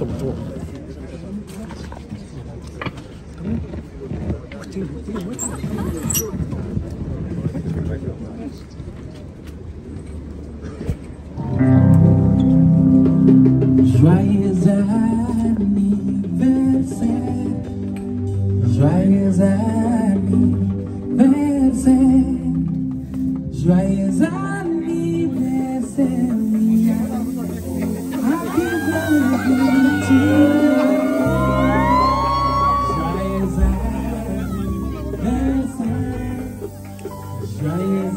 잡고 음.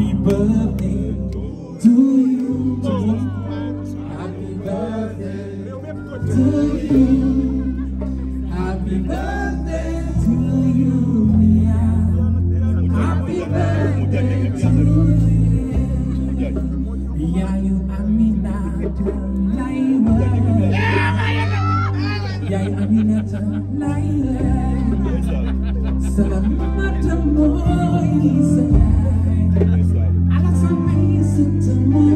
Happy birthday to you. Happy birthday to you. Happy birthday to you, Mia. Happy birthday to you. Yeah, you Amina Laila. Yeah, Amina Laila. Selamat moy saya. Wow,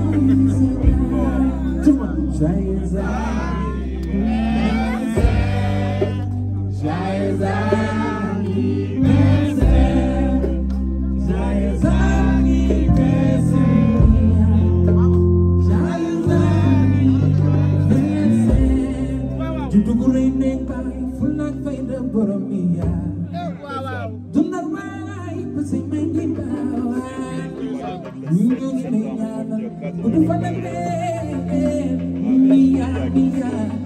wow. Do not right, but say my name. Mia, mia, mia, mia,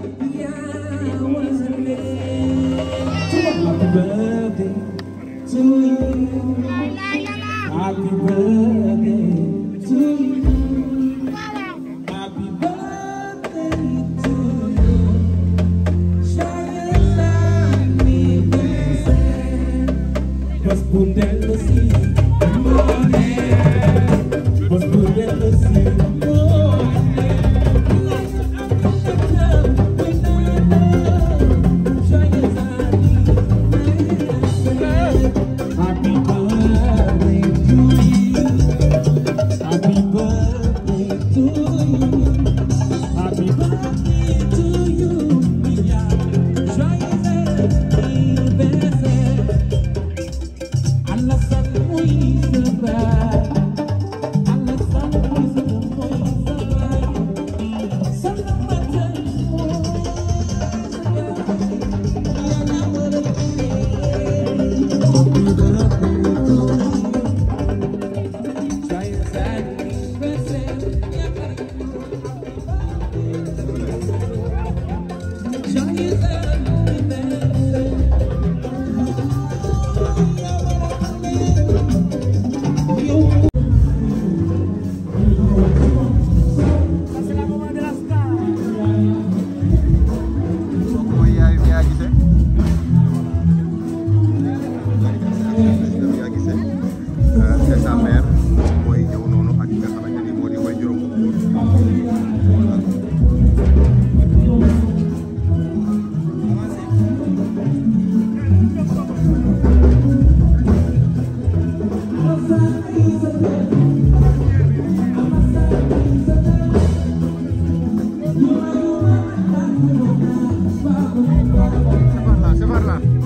vraiment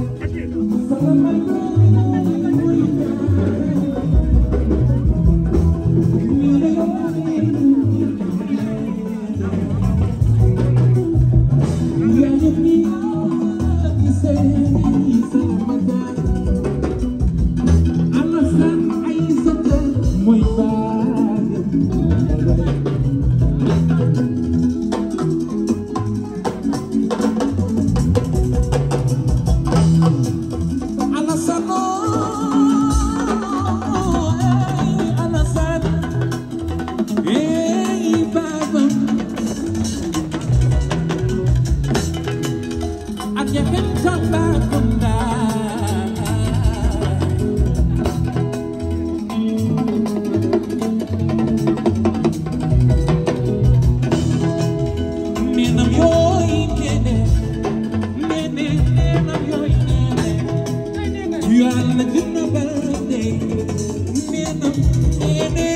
kanam nene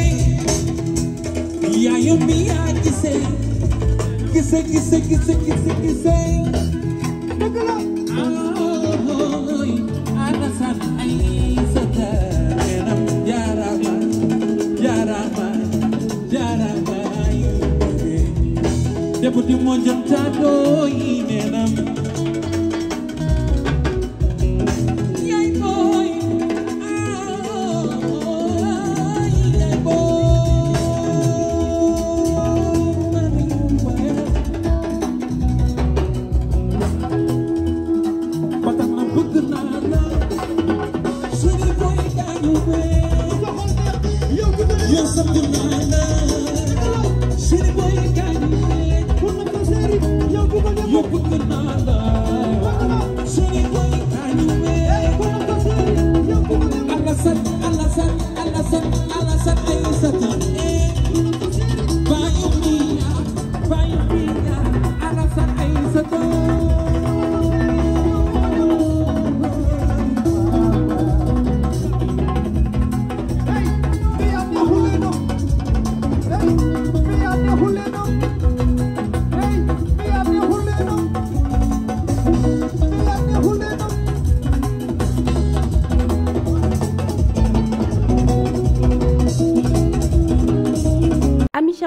yaayam bi yaa gise gise gise gise gise gise dëgg la ahoy ana san ay sata nenam jaarama jaarama jaarama yu bëgge deputy mo jëm tàddoo yi nenam naa la